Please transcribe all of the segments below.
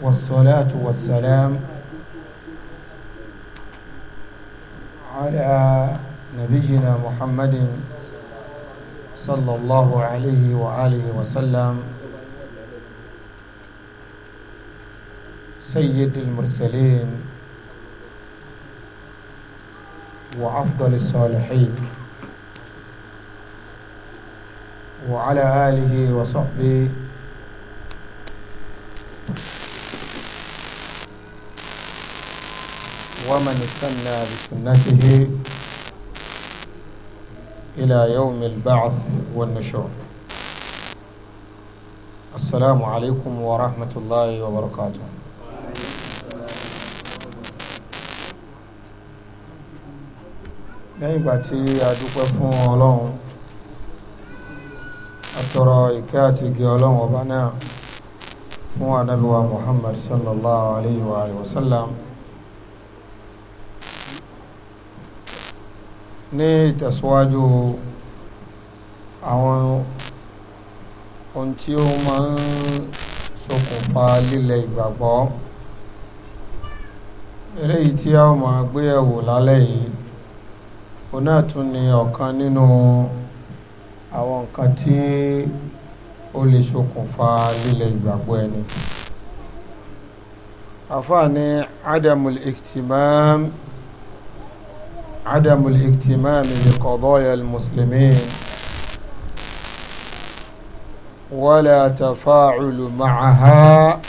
والصلاة والسلام على نبينا محمد صلى الله عليه وآله وسلم سيد المرسلين وأفضل الصالحين وعلى آله وصحبه ومن استنى بسنته إلى يوم البعث والنشور السلام عليكم ورحمة الله وبركاته lẹ́yìn ìgbà tí a dúpẹ́ fún ọlọ́run àtọrọ ìkẹ́ àti ìgẹ́ ọlọ́run ọba náà fún ànábì Muhammad sallallahu alayhi wa sallam ní ìtẹ̀síwájú àwọn ohun tí ó máa ń ṣokùnfà lílẹ̀ ìgbàgbọ́ eléyìí tí a máa gbé ẹ̀wò lálẹ́ yìí òun náà tún ni ọ̀kan nínú àwọn nǹkan tí ó lè ṣokùnfà lílẹ̀ ìgbàgbọ́ ẹni àfáà ní adamul iktimam عدم الاهتمام بقضايا المسلمين ولا تفاعل معها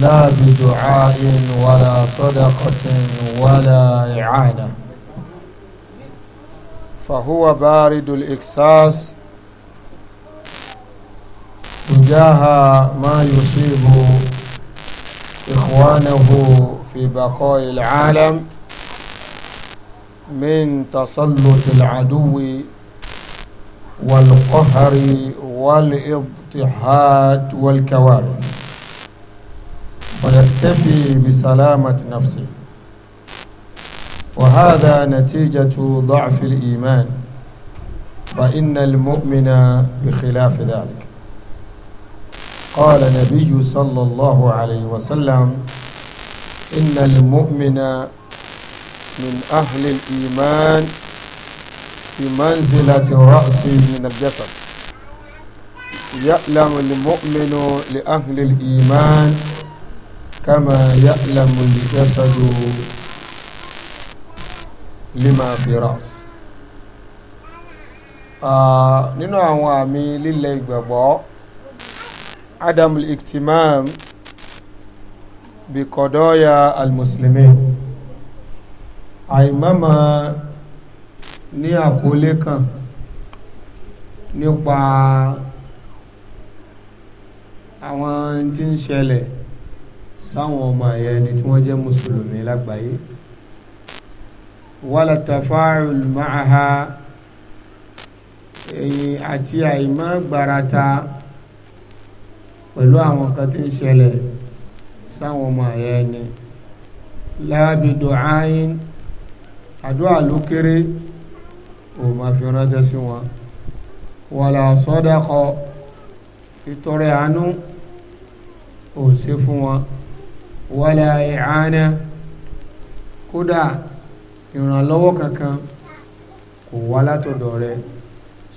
لا بدعاء ولا صدقة ولا إعانة فهو بارد الإكساس تجاه ما يصيب إخوانه في بقاء العالم من تسلط العدو والقهر والاضطهاد والكوارث ويكتفي بسلامة نفسه وهذا نتيجة ضعف الإيمان فإن المؤمن بخلاف ذلك قال النبي صلى الله عليه وسلم إن المؤمن من أهل الإيمان بمنزلة رأسه من الجسد يألم المؤمن لأهل الإيمان كما يألم الجسد lima firas nínú àwọn àmì lílẹ̀ ìgbàgbọ́ adam al-iktimam bi kọ̀dọ́ya al-muslimin àìmọ́mọ́ ní àkólé kan nípa àwọn tí ń ṣẹlẹ̀ sáwọn ọmọ ẹ̀yẹ ni tí wọ́n jẹ́ mùsùlùmí lágbàáyé wala tafa'ul ma'aha èyí àti àìmọ́ gbarata pẹ̀lú àwọn kan tí ń ṣẹlẹ̀ sáwọn ọmọ ẹ̀yẹ ni láàbì du'ain àdúrà ló kéré ò máa fi ránṣẹ́ sí wọn wàlà sọ́dọ̀kọ ìtọrẹ àánú ò ṣe fún wọn wàlà ìhánà kódà ìrànlọ́wọ́ kankan kò wá látọ̀dọ̀ rẹ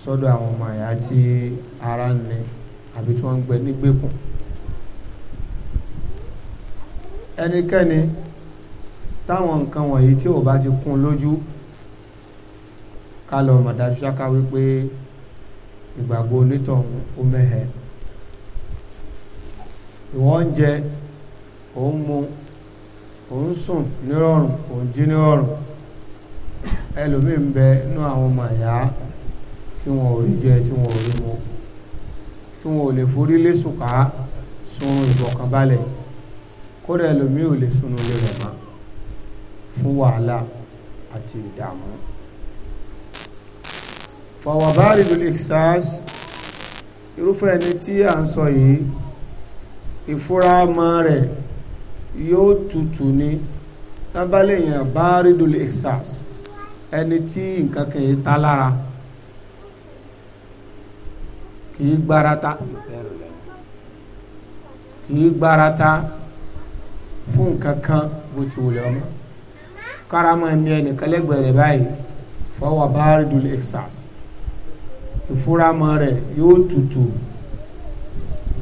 sọ́dọ̀ àwọn ọmọ àyà tí ara ń ní àbí tí wọ́n ń gbẹ nígbèkùn ẹnikẹ́ni táwọn nǹkan wọ̀nyí tí ò bá ti kún lójú ká lọ mọ̀ dájú ṣáká wípé ìgbàgbọ́ onítọ̀hún ó mẹ́hẹ̀ ìwọ́n ń jẹ òun mu òun sùn nírọ̀rùn òun jí nírọ̀rùn ẹlòmíì ń bẹ nú àwọn ọmọ ẹ̀yà tí wọn ò rí jẹ tí wọn ò rí mu tí wọn ò lè forí lé sùkà sun ìfọ̀kànbalẹ̀ kódà ẹlòmíì ò lè sunu lé rẹ̀ mọ́ fún wàhálà àti ìdààmú fọwọ́bárì lórí ìsáàs irúfẹ́ ẹni tí a ń sọ yìí ìfúra mọ́ rẹ̀ yóò tutù ní tábàlẹ̀ yẹn bárì lórí ìsáàs ẹni tí nǹkan kan yìí ta lára kìí gbárata kìí gbárata fún nǹkan kan bó ti wùlẹ̀ ọmọ. Karama ní ẹnìkan lẹ́gbẹ̀ẹ́ rẹ̀ báyìí fọwọ́ báàrídùl exas ìfúramọ́ rẹ̀ yóò tutù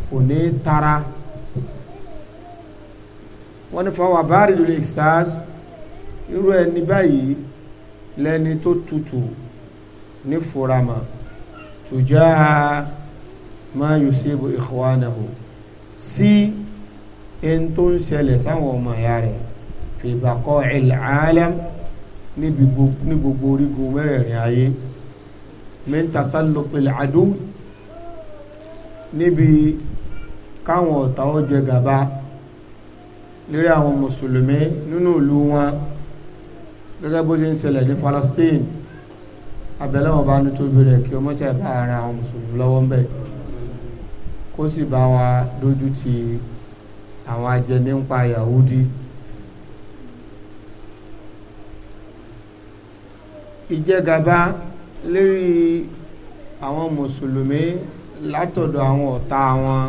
kò tara wọ́n ní fọwọ́ báàrídùl exas irú ẹni báyìí lẹ́ni tó tutù ní fúramọ́ tùjá ma yusibu ikhwanahu sí ẹni tó ń ṣẹlẹ̀ sáwọn ọmọ ìyá rẹ̀ fi baqa'il alam níbi ní gbogbo orígun mẹ́rẹ̀ẹ̀rin ayé min tasalluqil adu níbi káwọn ọ̀tá ó jẹ gàba lórí àwọn mùsùlùmí nínú ìlú wọn gẹ́gẹ́ bó ṣe ń ṣẹlẹ̀ ní Palestine abẹ́lẹ́wọ̀n bá ní tóbi rẹ̀ kí ọmọ bá ara àwọn mùsùlùmí lọ́wọ́ ń bẹ̀ kó sì bá wa dójú ti àwọn ajẹnipa Yahudi. ìjẹgàba lérí àwọn mùsùlùmí látọ̀dọ̀ àwọn ọ̀tá wọn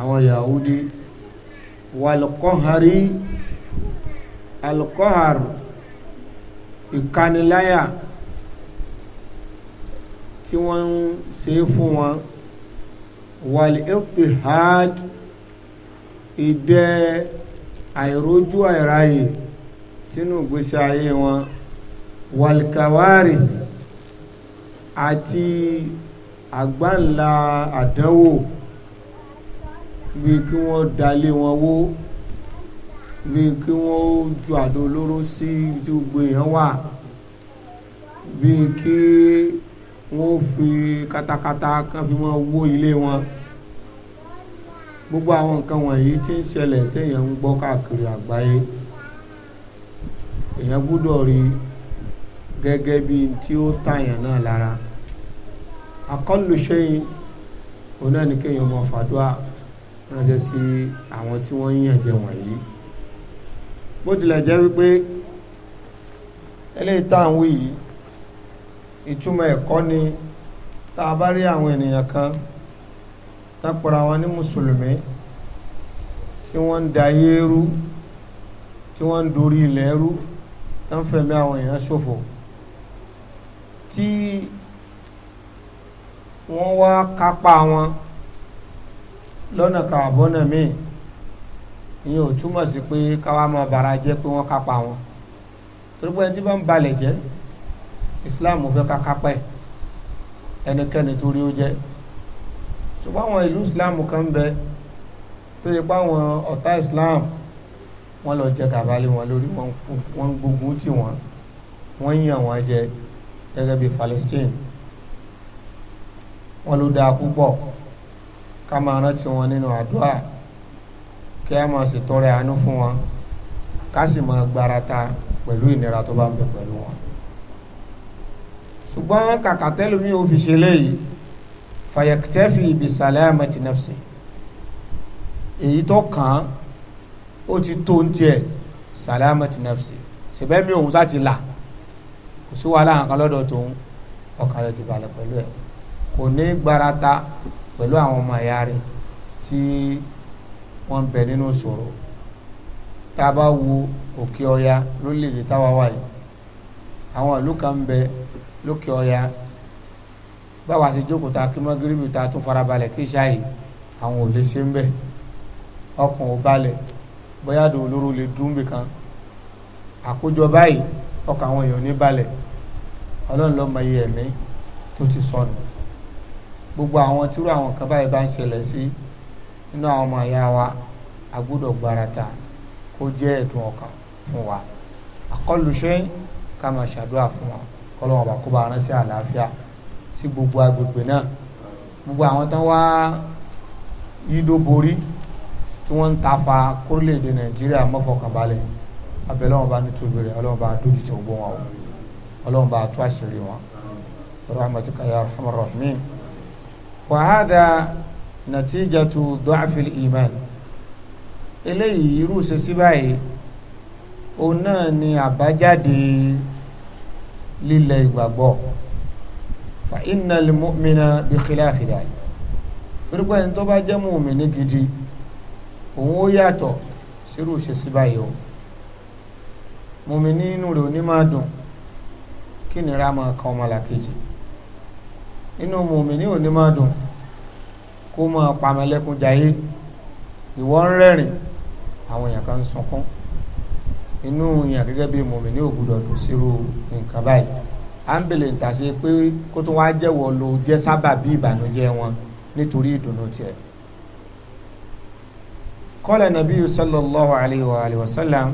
àwọn yahudi walqahari alqahar ìkaniláyà tí wọ́n ń ṣe fún wọn wal-ittihad ìdẹ àìrójú àìráyè sínú ìgbésí ayé wọn walkawarith àti àgbáńlá àdánwò bí kí wọ́n dalé wọn wó bí kí wọ́n ju àdó olóró sí tí gbogbo èèyàn wà bí kí wọ́n fi katakata kan fi wọ́n wó ilé wọn gbogbo àwọn nǹkan wọ̀nyí tí ń ṣẹlẹ̀ téèyàn ń gbọ́ káàkiri àgbáyé èèyàn gbúdọ̀ rí i gẹ́gẹ́ bí tí ó tààyàn náà lára akọ́lù ṣẹ́yìn òun náà ni kéèyàn mọ̀ fàdúà ránṣẹ́ sí àwọn tí wọ́n ń yànjẹ wọ̀nyí bó tilẹ̀ jẹ́ wípé eléyìí tá yìí ìtumọ̀ ẹ̀kọ́ ni tá a bá rí àwọn ènìyàn kan tápọ̀ra wọn ní mùsùlùmí tí wọ́n ń da ayé rú tí wọ́n ń dorí ilẹ̀ rú tó ń fẹ̀mí àwọn èèyàn ṣòfò tí wọ́n wá kápá wọn lọ́nà kàbọ́nà míì ìyẹn ò túmọ̀ sí pé káwá máa bàrà jẹ́ pé wọ́n kápá wọn torí pé ẹni tí bá ń balẹ̀ jẹ́ Islam fẹ́ ká kápá ẹ̀ ẹnikẹ́ni torí ó jẹ́ ṣùgbọ́n àwọn ìlú Islam kan ń bẹ tó yẹ pé àwọn ọ̀tá Islam wọ́n lọ jẹ gàba lé wọn lórí wọ́n gbógun tì wọ́n wọ́n yàn wọ́n jẹ gẹ́gẹ́ bí Palestine wọn ló dáa púpọ̀ ká máa rántí wọn nínú àdúrà kí a máa ṣètọrẹ àánú fún wọn ká sì máa gbarata pẹ̀lú ìnira tó bá ń bẹ pẹ̀lú wọn ṣùgbọ́n kàkà tẹ́lómi ò fi ṣe léyìí fàyẹ̀kẹ́fì ibi sàlẹ́mẹ̀tì èyí tó kàn án ó ti tó ń tiẹ̀ sàlẹ́mẹ̀tì nẹ́fṣì ṣèbẹ́mi òun sá ti là kò sí wàhálà kankan lọ́dọ̀ tòun ọkàn rẹ̀ ti balẹ̀ pẹ̀lú ẹ̀ kò ní gbarata pẹ̀lú àwọn ọmọ ẹ̀yà rẹ̀ tí wọ́n ń bẹ nínú ìṣòro tá a bá wo òkè ọya lórílẹ̀‐èdè táwa wà yìí àwọn ìlú kan bẹ lókè ọya báwa ṣe jókòó ta kí mọ́gíríbì ta tún farabalẹ̀ kí iṣẹ́ àyè àwọn ò lè ṣe ń bẹ̀ ọkàn ò balẹ̀ bóyá dòwòlóró lè dùn bìkan àkójọ báyìí ọkàn àwọn èèyàn ò ní balẹ̀ ọlọ́run ló mọ iye ẹ̀mí tó ti sọnù gbogbo àwọn tírú àwọn kan báyìí bá ń ṣẹlẹ̀ sí nínú àwọn ọmọ ìyá wa a gbọ́dọ̀ gbarata kó jẹ́ ẹ̀dùn ọkàn fún wa àkọlù ṣe ká máa ṣàdúrà fún wa kọ́lọ́wọ́n bá kó bá rán sí àlàáfíà sí gbogbo agbègbè náà gbogbo àwọn tán wá yídó borí tí wọ́n ń ta fa kórílẹ̀-èdè nàìjíríà mọ́fọ̀kànbalẹ̀ abẹ́lẹ́wọ̀n bá nítorí rẹ̀ ọlọ́wọ́n bá dójú tó wa o ọlọ́run bá tú àṣírí wọn rahmatuka ya rahman rahim wa hadha natijatu dọ́àfil iman eléyìí irú ṣèṣì báyìí òun náà ni àbájáde lílẹ̀ ìgbàgbọ́ fa innal mu'mina bi khilafi dhalik torí pé ẹni tó bá jẹ́ mùmíní gidi òun ó yàtọ̀ sírù ṣe báyìí o mùmíní nínú rẹ̀ ò ní máa dùn kí nira máa kan ọmọlàkejì inú mùmíní òní máa dùn kó máa pamẹ́lẹ́kún jayé ìwọ ń rẹ́rìn àwọn èèyàn kan ń sunkún inú èèyàn gẹ́gẹ́ bí mùmíní ò gbọ́dọ̀ dùn sírú nǹkan báyìí à ń bèlè ntàsí pé kó tó wá jẹ́wọ́ lo jẹ́ sábàbí ìbànújẹ́ wọn nítorí ìdùnnú tiẹ̀ kọ́lẹ̀ nàbí sallallahu alayhi wa sallam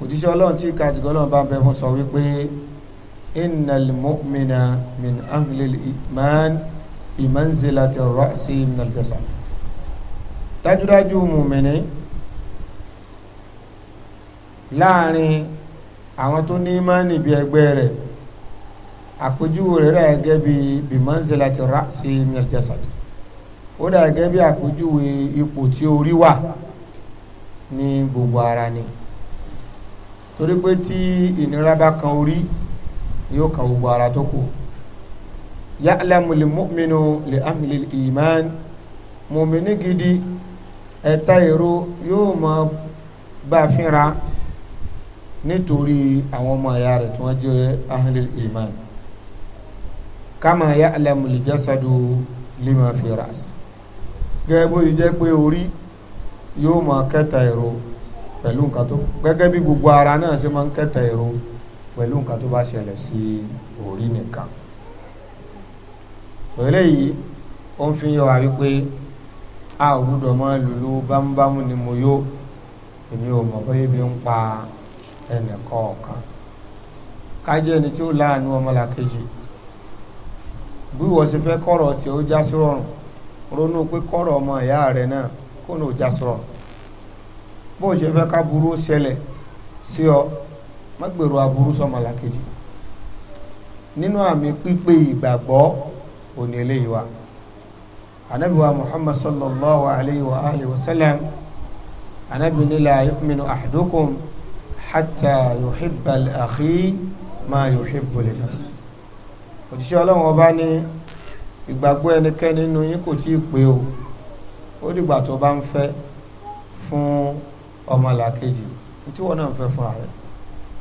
òjíṣẹ́ ọlọ́run tí kàdìgọ́ ọlọ́run bá ń bẹ fún sọ wípé إن المؤمن من أهل الإيمان بمنزلة الرأس من الجسد dájúdájú mùmìnì láàrin àwọn tó ní ìmánì bí ẹgbẹ́ rẹ̀ àpèjúwe rẹ̀ rà gẹ́gẹ́ bí bimanzilati ra'si minal jasad ó dà gẹ́gẹ́ bí àpèjúwe ipò tí orí wà ní gbogbo ara ni torí pé tí ìnira bá kan orí yóò kan gbogbo ara tó kù ya'lamu al-mu'minu li ahli al-iman gidi ẹ̀ta èrò yóò mọ bá a fínra nítorí àwọn ọmọ ẹ̀yà rẹ̀ tí wọ́n jẹ́ ahli al kama ya'lamu al-jasadu lima fi ras gẹ́gẹ́ bó ti jẹ́ pé orí yóò mọ kẹta èrò pẹ̀lú nǹkan tó gẹ́gẹ́ bí gbogbo ara náà ṣe máa ń kẹta èrò pẹ̀lú nǹkan tó bá ṣẹlẹ̀ sí orí nìkan tòlẹ́ yìí ó ń fi yọ wípé a ò gbúdọ̀ mọ́ lulu bámúbámú ni mo yó èmi ò mọ̀ bóyá ebi ń pa ẹnì kọ̀ọ̀kan ká jẹ́ ẹni tí ó láàánú ọmọlàkejì bí wọ́n ṣe fẹ́ kọ́rọ̀ tí ó já sí ronú pé kọ́rọ̀ ọmọ ìyá rẹ̀ náà kó ní ó já sí bó ṣe fẹ́ ká burú ṣẹlẹ̀ sí ọ má gbèrò aburú sọmọlàkejì nínú àmì pípé ìgbàgbọ́ òní eléyìí wa anabi wa muhammad sallallahu alayhi wa alihi wa sallam anabi ni la yu'minu ahadukum hatta yuhibba li akhi ma yuhibbu li nafsi òjíṣẹ́ ọlọ́run ọba ní ìgbàgbọ́ ẹnikẹ́ni nínú yín kò tí ì pé o ó dìgbà tó bá ń fẹ́ fún ọmọlàkejì tí wọ́n náà ń fẹ́ fún ààrẹ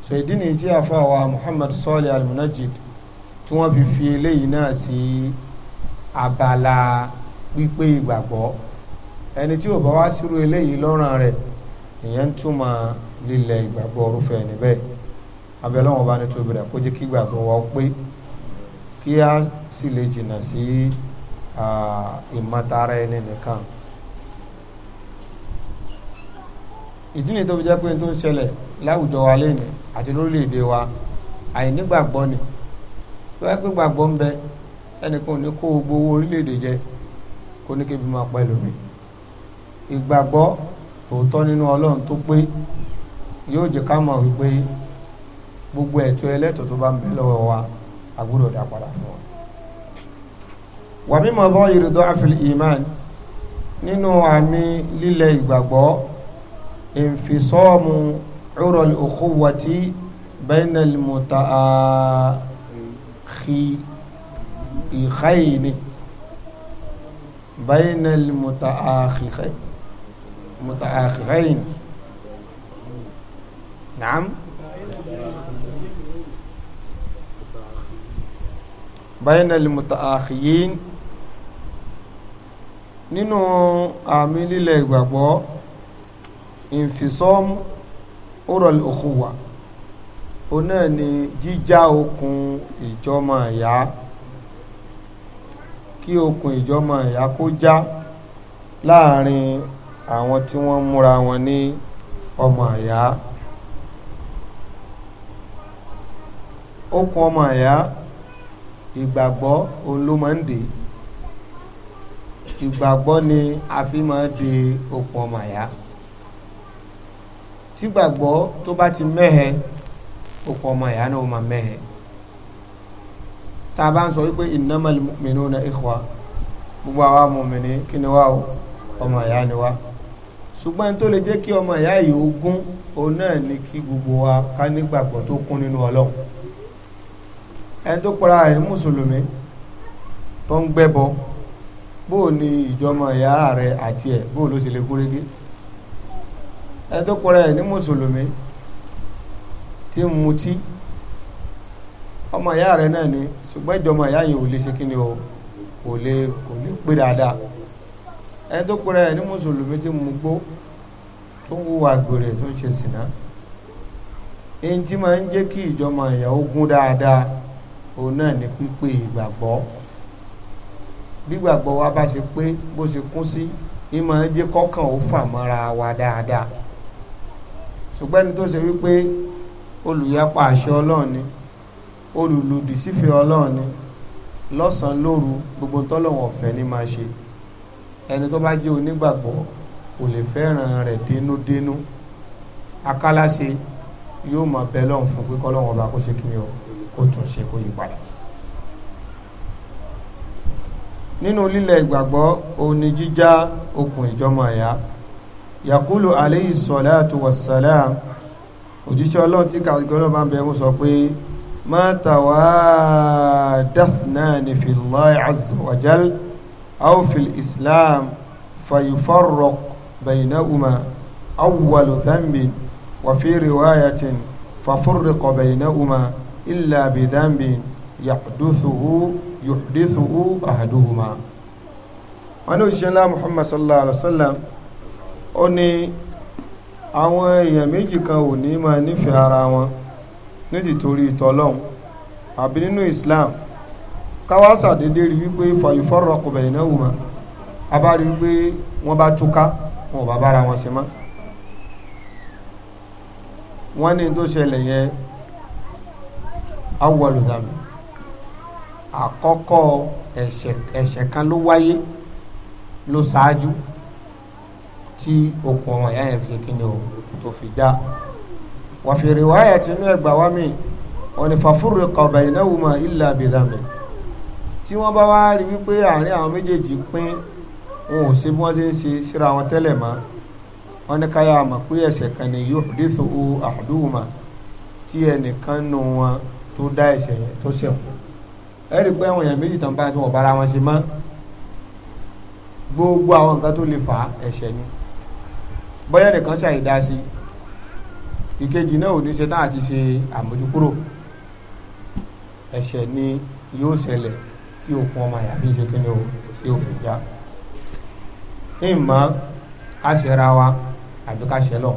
so ìdí nìyí tí àfa wa Muhammad Sọ́ọ̀lì al-Munajjid tí wọ́n fi fi eléyìí náà sí abala pípé ìgbàgbọ́ ẹni tí ò bá wá sírú eléyìí lọ́ràn rẹ̀ ìyẹn ń túmọ̀ lílẹ̀ ìgbàgbọ́ orúfẹ́ níbẹ̀ abẹ́lẹ́wọ̀n bá ní tóbi rẹ̀ kó jẹ́ kí ìgbàgbọ́ wa pé kí a sì lè jìnnà sí ìmọ̀tara ẹni nìkan ìdí nìyí tó fi jẹ́ pé n tó ń ṣẹlẹ̀ láwùjọ wa lẹ́nu àti lórílẹ̀ wa àìnígbàgbọ́ ni wọ́n pẹ́ gbàgbọ́ ń bẹ ẹnìkan ní kó gbogbo owó jẹ kó ní kébi máa pa ìgbàgbọ́ tòótọ́ nínú ọlọ́run tó pé yóò jẹ́ ká mọ̀ wípé gbogbo ẹ̀tọ́ tó bá ń bẹ lọ́wọ́ wà iman nínú urul ukhuwati bainal mutaakhikhayni bainal mutaakhikhayn naam bainal mutaakhiyin nínú àmì lílẹ̀ ìgbàgbọ́ ìfisọ́mù oral okhuwa o náà ni jíjá okùn ìjọmọ ìyá kí okùn ìjọmọ ìyá kó já láàrin àwọn tí wọ́n múra wọn ní ọmọ ìyá okùn ọmọ ìyá ìgbàgbọ́ òun ìgbàgbọ́ ni a fi máa de okùn ọmọ ìyá tí gbàgbọ́ tó bá ti mẹ́hẹ òpó ọmọ ìyá náà ó máa mẹ́hẹ tá a bá ń sọ wípé innamal mu'minuna ikhwa gbogbo àwa mọ̀mìnì kí ni wá o ọmọ ìyá ni wá ṣùgbọ́n tó lè jẹ́ kí ọmọ ìyá yìí ó gún òun náà ni kí gbogbo wa ká nígbàgbọ́ tó kún nínú ọlọ́run ẹni tó pera rẹ̀ ní mùsùlùmí tó ń gbẹ́bọ bóò ni ìjọmọ ìyá rẹ̀ àti ẹ̀ bóò ló ṣe lè gún ẹ tó pọ̀ rẹ̀ ní mùsùlùmí tí ń mutí ọmọ ìyá rẹ̀ náà ni ṣùgbọ́n ìjọmọ ìyá yìí ò lè ṣe kí ni o lè kò lè pé dáadáa ẹ tó pọ̀ ní mùsùlùmí tí ń mugbó tó ń wúwo àgbèrè tó ń ṣe sìnà ẹni tí máa ń jẹ́ kí ìjọmọ gún dáadáa òun náà ni pípé ìgbàgbọ́ wa bá ṣe pé bó ṣe kún sí ìmọ̀ kọ́kàn ó fà mọ́ra ṣùgbọ́n ẹni tó ṣe wípé olùyapa àṣẹ ọlọ́run ni olùlùdì sífẹ́ ọlọ́run ni lọ́sàn-án lóru gbogbo tọ́lọ́wọ̀n ọ̀fẹ́ ni máa ṣe ẹni tó bá jẹ́ onígbàgbọ́ kò lè fẹ́ràn rẹ̀ dénúdénú akálàṣe yóò máa bẹ lọ́run fún pé kọ́lọ́run ọba kó ṣe kí ni o tún ṣe kó yí padà nínú lílẹ̀ ìgbàgbọ́ òun ni jíjá okùn ìjọmọ̀ ẹ̀yà yakulu aleyhi salatu wa salam òjíṣẹ́ ọlọ́run tí kàgbọ́n bá ń bẹ wọ́n sọ pé ma tawadathnani fi Allahi azza wa jal aw fi islam fayufarraq baynahuma awwalu dhanbin wa fi riwayatin ففرق بينهما إلا بذنب يحدثه يحدثه أحدهما ونوشي الله محمد صلى الله عليه وسلم ó ní àwọn èèyàn méjì kan ò ní máa nífẹ̀ẹ́ ara wọn ní tìtorí àbí nínú Islam káwá sàdédé rí wípé fàyòfọ́rọ̀ ọkọ̀ bẹ̀yìn náà wù mọ́ a bá rí wípé wọ́n bá túká wọn ò bá bára wọn ṣe mọ́ wọ́n ní tó ṣẹlẹ̀ yẹn awolodami àkọ́kọ́ ẹ̀ṣẹ̀ kan ló wáyé ló ṣáájú tí okùn ọmọ ìyá yẹn fi ṣe kíni o tó fi já wọ́n fi rìwáyà tí inú ẹgbà wá mi wọ́n ní fàfúrò kọ̀ọ̀bà ìnáwùmọ̀ ilà bìdàmì tí wọ́n bá wá rí wípé àárín àwọn méjèèjì pín wọn ò ṣe bí wọ́n ṣe ń ṣe síra wọn tẹ́lẹ̀ mọ́ wọ́n ní káyà mọ̀ pé ẹ̀ṣẹ̀ kan ni yóò dídò o àdúhùmọ̀ tí ẹnìkan nù wọn tó dá ẹ̀ṣẹ̀ yẹn tó ṣẹ̀kù ẹ rí i pé àwọn èèyàn méjì tán báyìí tí wọ́n bára wọn ṣe mọ́ gbogbo àwọn nǹkan tó lè fà á ni bóyá nìkan ṣàì dá sí ìkejì náà ò ní ṣe tán àti ṣe àmójúkúrò ẹ̀ṣẹ̀ ni yóò ṣẹlẹ̀ tí òkun ọmọ àyàfi ṣe kí ni o ṣe òfin já ìmọ̀ ká ṣẹra wa àbí ká ṣẹlọ̀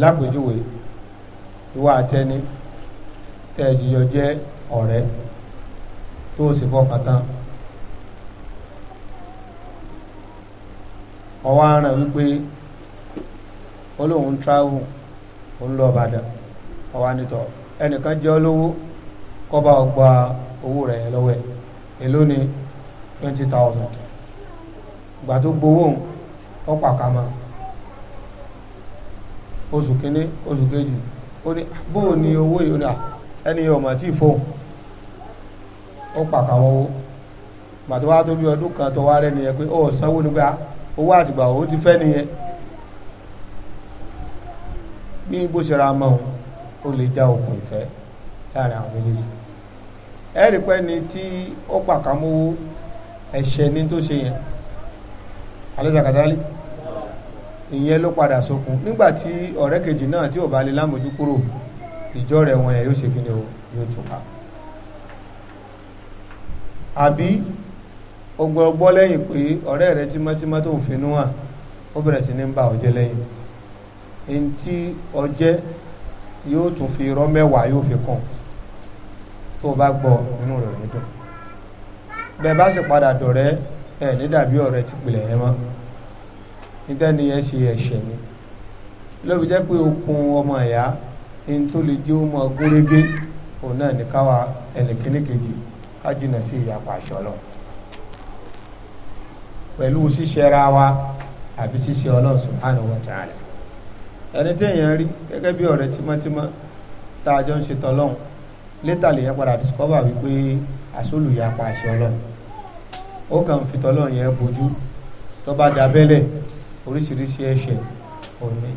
lápèjúwe ìwà àtẹni tẹ́ẹ̀dìyọ jẹ́ ọ̀rẹ́ tó sì fọkàn tán ọwọ́ aràn wípé olóhùn travel òun lọ Ìbàdàn ọwọ́ anìtọ̀ ẹnìkan jẹ́ olówó kọ́ba ọgbà owó rẹ̀ lọ́wọ́ ẹ̀ èló twenty thousand ìgbà tó gbowó ó pàkàmọ́ oṣù kínní oṣù kejì ó ní ah, bóò ni owó ní ọmọ ah, tí ì fóun ó pàkàmọ́ owó ìgbà tó wá kan tó wá nìyẹn owó àtìgbà owó ti fẹ́ nìyẹn bí bó ṣe ra mọ́ o lè já okùn ìfẹ́ láàrin àwọn méjèèjì ẹ̀rí pẹ́ ni tí ó pàkámówó ẹ̀ṣẹ̀ ní tó ṣe yẹn alẹ́sàkàtàlì ìyẹn ló padà sókun nígbà tí ọ̀rẹ́ kejì náà tí ò bá lè lámójú kúrò ìjọ rẹ̀ wọn yẹn yóò ṣe kí ni o yóò tún ká àbí ó gbọ́ gbọ́ lẹ́yìn pé ọ̀rẹ́ rẹ tímọ́tímọ́ tó finú hàn ó bẹ̀rẹ̀ sí ní bá ọjẹ́ lẹ́yìn ẹni tí ọjẹ́ yóò tún fi irọ́ mẹ́wàá yóò fi kàn tó o bá gbọ́ inú rẹ̀ ní dùn bẹ́ẹ̀ bá sì padà dọ̀rẹ́ ẹ̀ ní dàbí ọ̀rẹ́ ti pilẹ̀ yẹn mọ́ nítẹ́ni yẹn ṣe ẹ̀ṣẹ̀ ni lóbi jẹ́ pé okun ọmọ ẹ̀yà ní tó lè jẹ́ ọmọ gúrégé òun náà ní káwa ẹnìkíní ká jìnnà sí ìyapa àṣọ lọ pẹ̀lú ṣíṣe ra wa àbí ṣíṣe ọlọ́run subhanahu wa ta'ala ẹni tí èèyàn rí gẹ́gẹ́ bí ọ̀rẹ́ tímọ́tímọ́ tá a jọ ń ṣe tọ́lọ́hún létà lè yẹn padà discover wípé àsólùyapa àṣẹ ọlọ́run ó kàn ń fi tọ́lọ́hún yẹn bojú tó bá da bẹ́lẹ̀ oríṣiríṣi ẹ̀ṣẹ̀ òní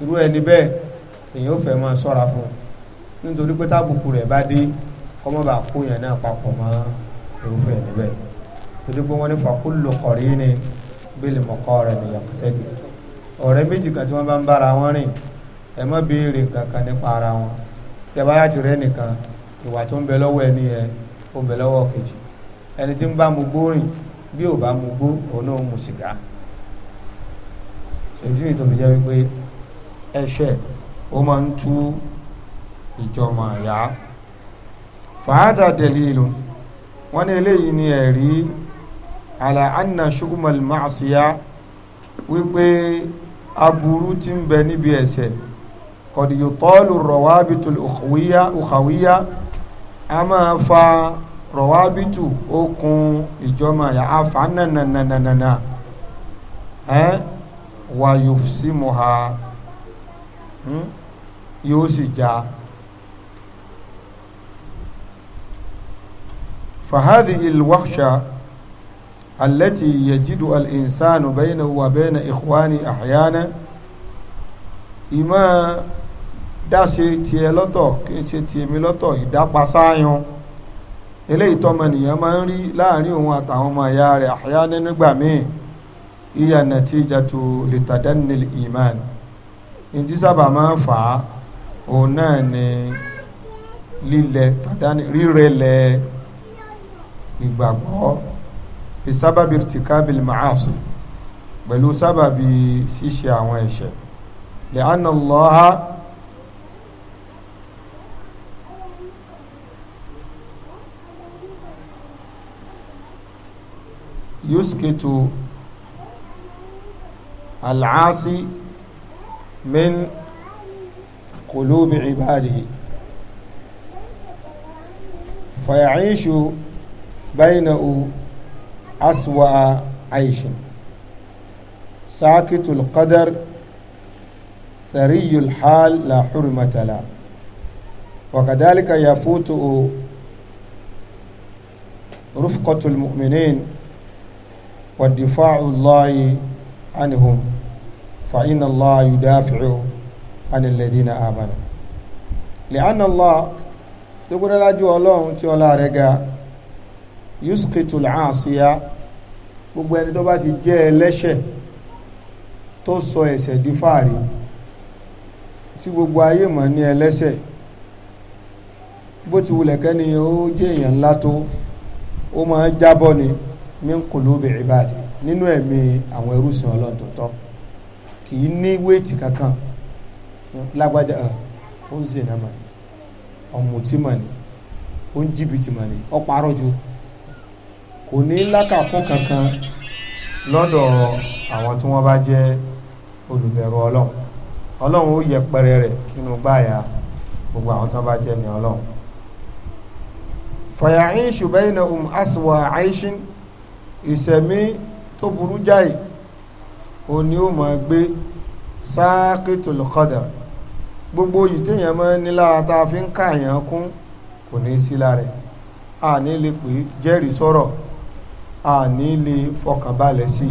irú ẹni bẹ́ẹ̀ èèyàn ò fẹ́ máa ṣọ́ra fún un nítorí pé tábùkù rẹ̀ bá dé kọ́mọ́bà kó yẹn náà papọ̀ mọ́ irúfẹ́ ẹni bẹ́ẹ̀ torí pé wọ́n ní fàkúlù kọ̀rí ni bílì mọ̀kọ́ rẹ̀ nìyẹn kùtẹ́gì ọ̀rẹ́ méjì kan tí wọ́n bá ń bára wọn rìn ẹ má béèrè kankan nípa ara wọn tẹ bá yá ti rẹ nìkan ìwà tó ń bẹ lọ́wọ́ ẹni yẹn ó ń bẹ lọ́wọ́ kejì ẹni tí ń bá mu gbó rìn bí ò bá mu gbó òun náà mu sìgá ṣèjú ìtòmí jẹ́ wípé ẹ̀ṣẹ̀ ó máa ń tú ìjọmọ̀ àyà fàádà dẹ̀lílù wọ́n ní eléyìí ni ẹ̀rí ala anna shukumal maṣiya wípé aburú ti ń bẹ níbi ẹ̀ṣẹ̀ kọ̀dìyù tọ́lù rọ̀wábìtù òkàwíyá a máa fa rọ̀wábìtù okùn ìjọmọ̀ yà á fa nànànànànà ẹ́ wà yóò sí mọ̀ ha hm, yóò sì já fahadhi ilwakṣa التي يجد الإنسان بينه وبين إخوانه أحيانا ìmọ̀ dáṣe tiẹ̀ lọ́tọ̀ kì í ṣe tèmi lọ́tọ̀ ìdápasáyun eléyìí tọmọnìyàn máa ń rí láàrin òun àtàwọn ọmọ ìyá rẹ̀ àyáni nígbà míì ìyà natijatu litadannil iman ìdí sábà máa ń fà á òun náà ni lílẹ̀ rírẹ̀lẹ̀ ìgbàgbọ́ bí sábàbí irtikabil ma'asi pẹ̀lú sábàbí ṣíṣe àwọn ẹ̀ṣẹ̀ lè anna Allaha yusqitu al-'asi min qulubi ibadihi faya'ishu baynahu aswa aishin sakitul qadar thariyul hal la hurmata la وكذلك يفوت رفقة المؤمنين والدفاع الله عنهم فإن الله يدافع عن الذين آمنوا لأن الله تقول لا جو الله تقول لا رجاء yusqitu al-aasiya gbogbo ẹni tó bá ti jẹ́ ẹlẹ́ṣẹ̀ tó sọ ẹ̀ṣẹ̀ di fáàrí tí gbogbo ayé mọ̀ ní ẹlẹ́ṣẹ̀ bó ti wulẹ̀ kẹ́ni ó jẹ́ èèyàn ńlá tó ó máa jábọ́ ni min qulubi ibadi nínú ẹ̀mí àwọn ẹrúsìn ọlọ́run kì í ní wéètì kankan lágbájá ó ń zènà mọ̀ ọ̀mùtí mọ̀ ni ó ń jìbìtì mọ̀ ni ó parọ́ kò ní lákàkún kankan lọ́dọ̀ àwọn tí wọ́n bá jẹ́ olùbẹ̀rù ọlọ́run ọlọ́run ó yẹpẹrẹ rẹ̀ nínú gbáàyà gbogbo àwọn tí wọ́n bá jẹ́ ní ọlọ́run fayaishu bainahum aswa aishin ìṣẹ̀mí tó burú jáì ó ní ó máa gbé saqitul qadar gbogbo yìí téèyàn máa ní lára tá a fi ń káàyàn kún kò ní sí lára ẹ̀ a ní lè pè jẹ́rìí sọ̀rọ̀ àní lè fọkànbalẹ̀ sí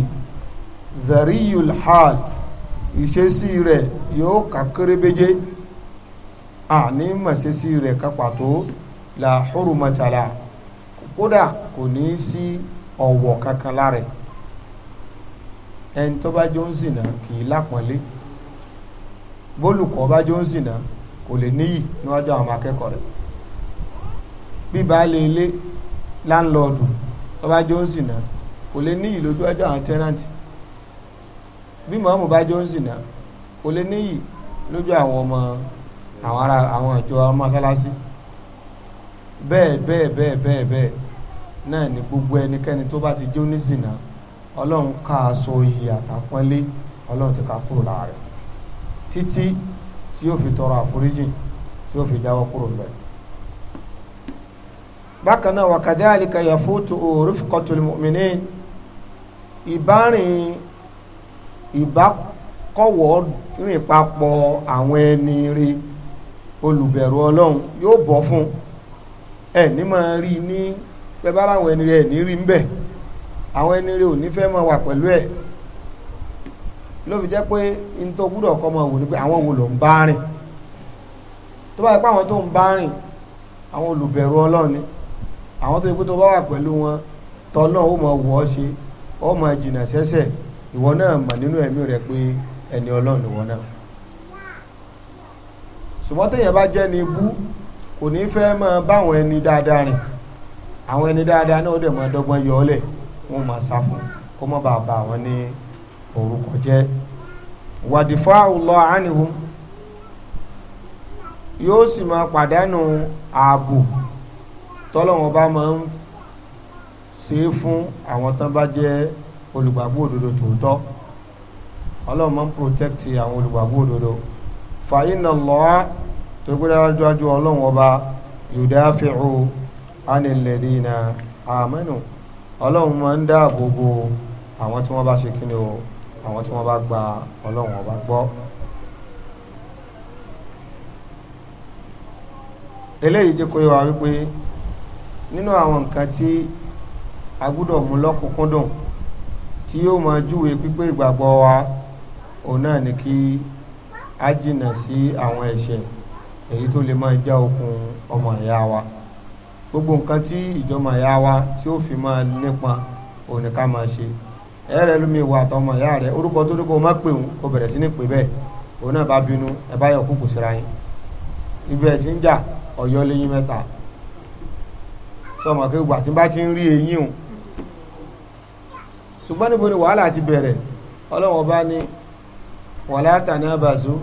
zariyul hal ìṣesí rẹ̀ yóò kà kérébeje àní mọ̀ṣesí rẹ̀ ká pàtó la hurmatala kódà kò ní í sí ọ̀wọ̀ kankan lára ẹ̀ ẹni tó bá jó ń zìnà kì í lápọ̀nlé bólùkọ́ bá jó ń zìnà kò lè níyì níwájú àwọn akẹ́kọ̀ọ́ rẹ̀ bíbá lè lé láńlọ́ọ̀dù tó bá jó ń sìnà kò lè níyì lójú ọjọ́ àwọn tẹ́nàntì bí mọ̀ọ́mù bá jó ń sìnà kò lè níyì lójú àwọn ọmọ àwọn ará àwọn ìjọ mọ́sálásí bẹ́ẹ̀ bẹ́ẹ̀ bẹ́ẹ̀ bẹ́ẹ̀ bẹ́ẹ̀ náà ni gbogbo ẹnikẹ́ni tó bá ti jó ní sìnà ọlọ́run ká aṣọ iyì àtàpọ́nlé ọlọ́run ti ká kúrò lára rẹ̀ títí tí yóò fi tọrọ àforíjì tí yóò fi jáwọ́ kúrò bẹ́ẹ̀. bákan náà wakadhalika yafutu rifqatul mu'minin ìbárìn ìbákọ̀wọ́ rìn papọ̀ àwọn ẹni rí olùbẹ̀rù ọlọ́run yóò bọ́ fún ẹ ní máa rí ní pẹ́bára àwọn ẹni rẹ̀ ní rí ń bẹ̀ àwọn ẹni rẹ̀ ò ní fẹ́ máa wà pẹ̀lú ẹ̀ ló jẹ́ pé n gbúdọ̀ kọ́ máa wò ni pé àwọn wo ló ń bá àwọn tó yẹ kó tó bá wà pẹ̀lú wọn tọ́lọ́ ó mọ wọ́ ṣe ó mọ jìnnà sẹ́sẹ̀ ìwọ náà mà nínú ẹ̀mí rẹ pé ẹni ọlọ́run ìwọ náà ṣùgbọ́n téèyàn bá jẹ́ ni bú kò ní fẹ́ máa báwọn ẹni dáadáa rìn àwọn ẹni dáadáa náà ó dẹ̀ máa dọ́gbọ́n yọ ọ́lẹ̀ wọn máa sá fún kó má bàa bà wọ́n ní orúkọ jẹ́ wàdìfọ́ àwùlọ àánihùn yóò sì máa pàdánù ààbò tọ́lọ́wọ́n bá máa ń ṣe é fún àwọn tán bá jẹ́ olùgbàgbọ́ òdodo tòótọ́ ọlọ́run máa ń protect àwọn olùgbàgbọ́ òdodo fàyínà lọ́wọ́ tó gbé dájú ọlọ́run ọba yudafi'u anil ladina amanu ọlọ́run máa ń dáàbò bo àwọn tí wọ́n bá ṣe kíni o àwọn tí wọ́n bá gba ọlọ́run ọba gbọ́. eléyìí jẹ́ kó yẹ wá wípé nínú àwọn nǹkan tí a mú lọ́kùnkúndùn tí yóò máa júwe pípé ìgbàgbọ́ wa òun náà ni kí a jìnà sí àwọn ẹ̀ṣẹ̀ èyí tó lè máa já okùn ọmọ ìyá wa gbogbo nǹkan tí ìjọmọ ìyá wa tí ó fi máa nípa òun ni ká máa ṣe ẹ̀rẹ̀ lómi ìwà àtọmọ ìyá rẹ̀ orúkọ tó ní kó má pè òun kó bẹ̀rẹ̀ sí ní pè bẹ́ẹ̀ òun náà bá bínú ẹ̀ bá yọ kúkú síra yín ibẹ̀ tí ń jà ọ̀yọ́ lẹ́yìn mẹ́ta sọmọ kí gbà tí bá ti ń rí eyín o ṣùgbọ́n níbo ni wàhálà ti bẹ̀rẹ̀ ọlọ́run ọba ní wàhálà tanabazu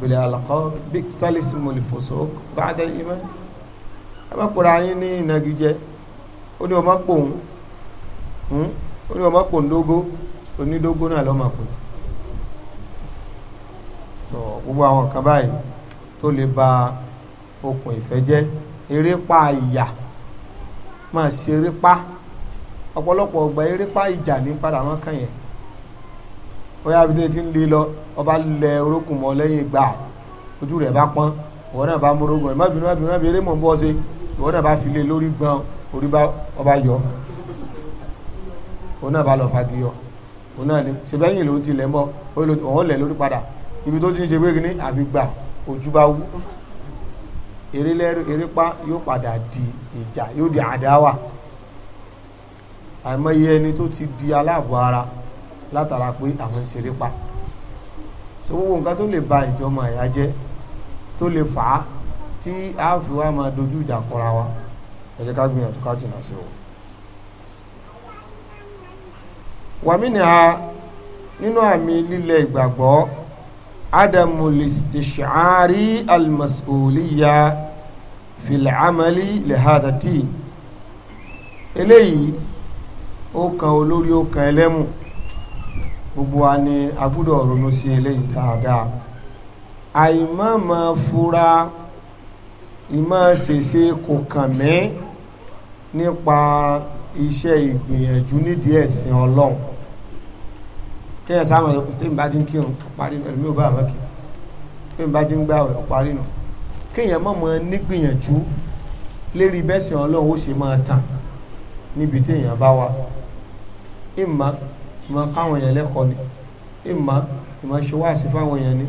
bil alqab bí sálísì mọ̀lìfọ̀sọ́ bá dé ibẹ̀ ẹ bá pòrò ayín ní ìnagijẹ ó ní ọmọ pòun hmm? ó ní ọmọ pòun dógó onídógó náà lọ́mọ pé gbogbo àwọn kan báyìí tó lè ba okùn ìfẹ́ jẹ́ eré pa ìyà máa ṣe erépa ọ̀pọ̀lọpọ̀ ọgbà erépa ìjà ní padà wọn kàn yẹn bóyá abidjan ti ń lé lọ ọba lẹ orókùn mọ lẹ́yìn gbà ojú rẹ̀ bá pọ́n ìwọ náà bá morogun ẹ má bínú má bínú má bínú eré mọ̀ ń bọ́ ṣe ìwọ náà bá file lórí gbọn orí bá ọba yọ òun náà bá lọ fagiyọ òun náà ni ṣèbẹ́yìn ló ti lẹ̀ mọ́ òun lẹ̀ lórí padà ibi tó ti ń ṣe pé kíní àbí gbà ojú bá wú eré lẹ́rú erépa yóò padà di ìjà yóò di àdáwà àìmọye ẹni tó ti di aláàbò ara látara pé àwọn ìṣeré pa so gbogbo nǹkan tó lè ba ìjọmọ ẹ̀yà jẹ́ tó lè fà á tí a fi wá máa dojú ìjà kọra wa ẹ ká gbìyànjú ká jìnnà sí o wàmí ni a nínú àmì lílẹ̀ ìgbàgbọ́ عدم الاستشعار المسؤولية في العمل لهذا الدين eléyìí ó kan olórí ó kan ẹlẹ́mù gbogbo wa ni a gbúdọ̀ ronú sí eléyìí dáadáa àìmọ́ máa fura ìmọ̀ ṣèṣe kò kàn mí nípa iṣẹ́ ìgbìyànjú nídìí ẹ̀sìn ọlọ́run kí ẹ sáwọn ẹ̀kú tí n bá ti ń kírun parí nù ẹ̀mí ò bá àmọ́ kí tí n bá ti ń gbààwẹ̀ parí nù kéèyàn mọ̀ mọ́ nígbìyànjú lérí bẹ́sìn ọlọ́run ó ṣe máa tàn níbi téèyàn bá wà ìmọ̀ ìmọ̀ káwọn èèyàn lẹ́kọ̀ọ́ ni ìmọ̀ ìmọ̀ ṣe wáàsí fáwọn èèyàn ni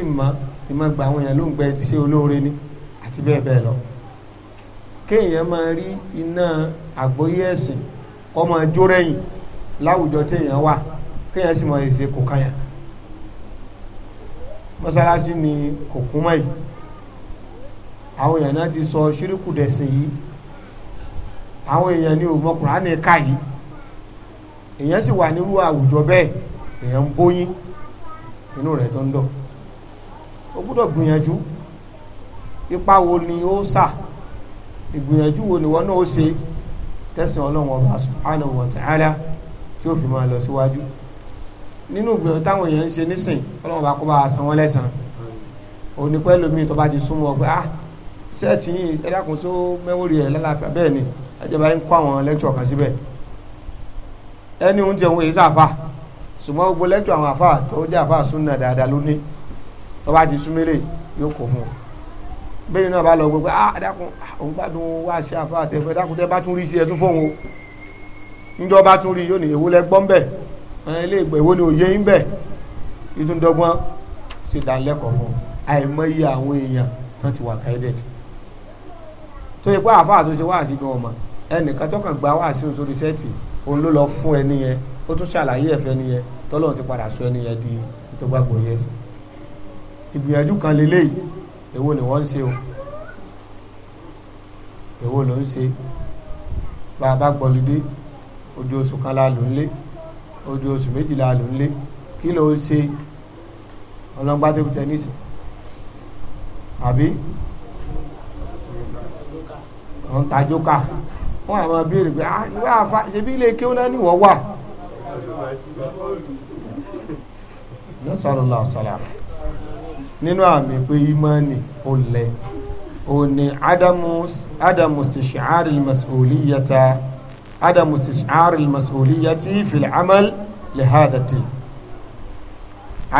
ìmọ̀ ìmọ̀ gba àwọn èèyàn ló ń gbẹ ṣe olóore ni àti bẹ́ẹ̀ bẹ́ẹ̀ lọ kéèyàn máa rí iná àgbóyé ẹ̀sìn kọ́ máa jó rẹ́yìn láwùjọ téèyàn wà kéèyàn sì mọ èsè kò káyà mọ́sálásí mi kò kún mọ́ yìí àwọn èèyàn náà ti sọ ṣíríkù dẹ̀sìn yìí àwọn èèyàn ní òmọ kùránì ká yìí èèyàn sì wà nírú àwùjọ bẹ́ẹ̀ èèyàn ń bóyín inú rẹ̀ tó ń dọ̀ ó gbọ́dọ̀ gbìyànjú ipa wo ni ó sà ìgbìyànjú wo ni wọn náà ó ṣe tẹ̀sán ọlọ́run ọba subhanahu wa ta'ala tí ó fi máa lọ síwájú. Si nínú ìgbìyànjú táwọn èèyàn ń ṣe nísìn ọlọ́run bá kó bá san wọ́n lẹ́san òní pẹ́lú mi tó bá ti súnmọ́ ọ pé ah sẹ́ẹ̀tì yìí ẹ̀dàkùn tó mẹ́wòrì ẹ̀ lálàáfíà bẹ́ẹ̀ ni ẹ̀jọba ń kó àwọn lẹ́kítọ̀ kan síbẹ̀ ẹni oúnjẹ òun èyí sàfà ṣùgbọ́n gbogbo lẹ́kítọ̀ àwọn àfà tó jẹ́ àfà súnà dáadáa lóní tó bá ti súnmẹ́lẹ̀ yóò kó fún un bẹ́ẹ̀ náà bá lọ gbogbo ah ẹ̀dàkùn ah, òun gbádùn wá sí àfà àtẹ̀fẹ́ ẹ̀dàkùn tẹ́ bá tún rí sí ẹ tún fóun o ńjọba tún ilé ìgbà èwo ni òye ń bẹ̀ ìdúndọ́gbọ́n ṣe dánilẹ́kọ̀ọ́ fún àìmọye àwọn èèyàn tó ti wà guided tó yẹ pé àfáà tó ṣe wáàsí gan ọmọ ẹnìkan tó kàn gba wáàsí òun sórí sẹ́ẹ̀tì òun ló lọ fún ẹni yẹn ó tún ṣàlàyé ẹ̀fẹ́ ni yẹn tọ́lọ́run ti padà sọ ẹni yẹn di tó gbàgbọ́ yẹn sí ìgbìyànjú kan lélẹ́yìí èwo ni wọ́n ń ṣe o èwo ló ń ṣe bá gbọ́lidé ojú oṣù kan la lò ń lé ojú oṣù méjìlá ló ń lé kí ló ṣe ọlọ́gbá tébù tẹ́nísì àbí wọ́n ta jókà wọ́n àmọ́ béèrè pé ah ìwé àfa ṣebí ilé kéwọ́n náà níwọ̀ wà nasarala salam nínú àmì pé imani ó lẹ ó ní adamu adamu stishari masoliyata. عدم استشعار المسؤولية في العمل لهذا الدين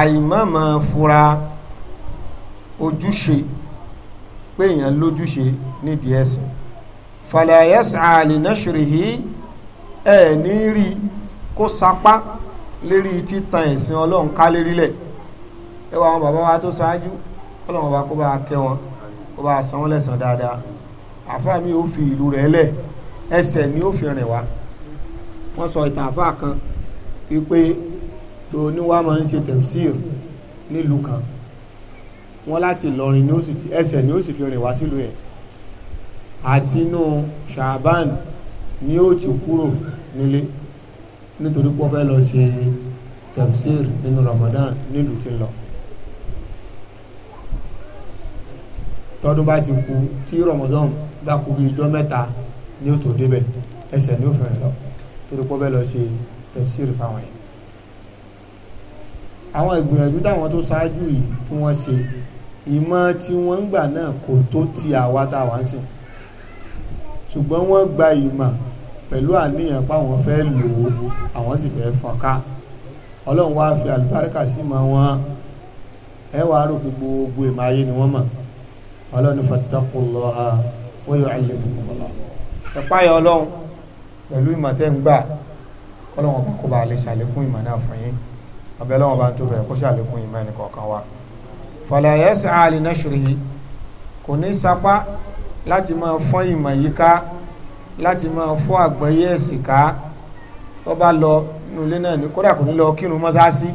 àìmọ́ máa fura ojúṣe pé èèyàn lójúṣe nídìí ẹ̀sìn fala yas'a li nashrihi ẹ̀ ní rí kó sapá lérí títan ẹ̀sìn ọlọ́run ká lérílẹ̀ ẹ wá àwọn bàbá wa tó ṣáájú ọlọ́run ọba kó bá kẹ́ wọn kó bá san wọ́n dáadáa àfáà mi ò fi ìlú rẹ̀ lẹ̀ ẹsẹ̀ ni ó fi rìn wá wọ́n sọ ìtàn àfáà kan wípé oníwà máa ń ṣe tẹ̀síìr nílùú kan wọ́n láti lọrin ni ó sì ẹsẹ̀ ni ó sì fi rìn wá sílùú yẹn àti inú ṣàbán ni ó ti kúrò nílé nítorí pé wọ́n fẹ́ lọ ṣe tẹ̀síìr nínú Ramadan nílùú tí ń lọ. tọdún bá ti kú tí Ramadan bá kú bí ijọ́ mẹ́ta ní o tó débẹ̀ ẹsẹ̀ ní o fẹ̀rẹ̀ lọ torí pọ́ bẹ́ẹ̀ lọ ṣe tẹ̀síìrì fáwọn yẹn. àwọn ìgbìyànjú táwọn tó ṣáájú yìí tí wọ́n ṣe ìmọ̀ tí wọ́n ń gbà náà kò tó ti àwa tá a wá ń sìn ṣùgbọ́n wọ́n gba ìmọ̀ pẹ̀lú àníyàn páwọn fẹ́ lò ó àwọn sì fẹ́ fọ́n ká ọlọ́run wá fi àlùbáríkà sí mọ́ wọn ẹ wàá rò pé gbogbo ìmọ̀ ayé ni wọ́n mọ̀ ọlọ́run fattaqullaha wa ẹ̀páyà ọlọ́run pẹ̀lú ìmọ̀ tẹ́ ń gbà ọlọ́run ọba kó ba lè ṣàlékún ìmọ̀ náà fún yín abẹ́ ọlọ́run ọba ń tó bẹ̀rẹ̀ kó ṣàlékún ìmọ̀ ẹnì kọ̀ọ̀kan wa fọlẹ́yẹsẹ̀ àlì nashrihi kò ní sapá láti máa fọ́ ìmọ̀ yìí ká láti máa fọ́ àgbọ́yé ẹ̀sìn ká tó bá lọ nínú ilé náà ní kódà kò ní lọ kírun mọ́sáàsì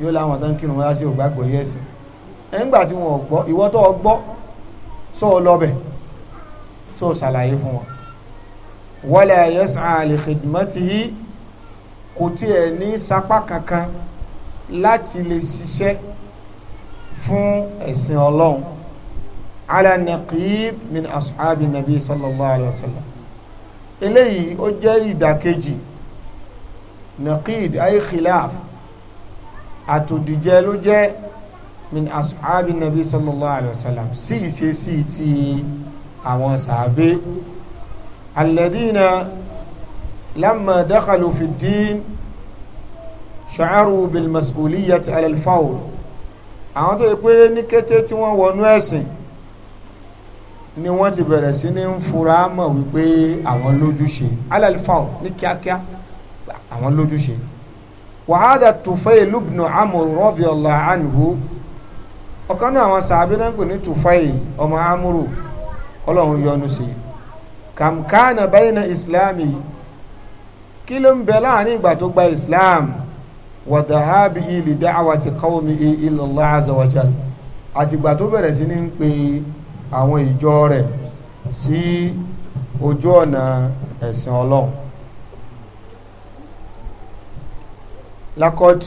yóò láwọn tó ń kírun mọ́sáàsì ò gbàgbọ́yé ẹ̀sìn so ṣàlàyé fún wọn wala yas'a li khidmatihi kò tiẹ̀ ní sapá kankan láti lè ṣiṣẹ́ fún ẹ̀sìn ọlọ́run ala naqid min ashabi nabi sallallahu alayhi wa sallam eléyìí ó jẹ́ ìdàkejì naqid ay khilaf àtòdìjẹ ló jẹ́ min ashabi nabi sallallahu alayhi wa sallam sí ìṣesí Si, si, àwọn sàábé alẹ́dínà lámà dákàlù fìdín ṣàárù bilmasuliyya ti alẹ́lfáwò àwọn tó yẹ pé ní kété tí wọ́n wọnú ẹ̀sìn ni wọ́n ti bẹ̀rẹ̀ sí ní fura mọ̀ wípé àwọn lójúṣe alẹ́lfáwò ní kíákíá àwọn lójúṣe wàhádà Tufayl ibn Amr radiyallahu anhu ọ̀kan náà àwọn sàábé náà ń pè ní Tufayl ọmọ amúrù ọlọ́run yọ́nú sí kàmkánà bayna ìsìláàmì kí ló ń bẹ láàrin ìgbà tó gba islam wa dhahabihi li da'wati qawmihi ila Allah azza wa jal àtìgbà tó bẹ̀rẹ̀ sí ní ń pe àwọn ìjọ rẹ̀ sí ojú ọ̀nà ẹ̀sìn ọlọ́run lakot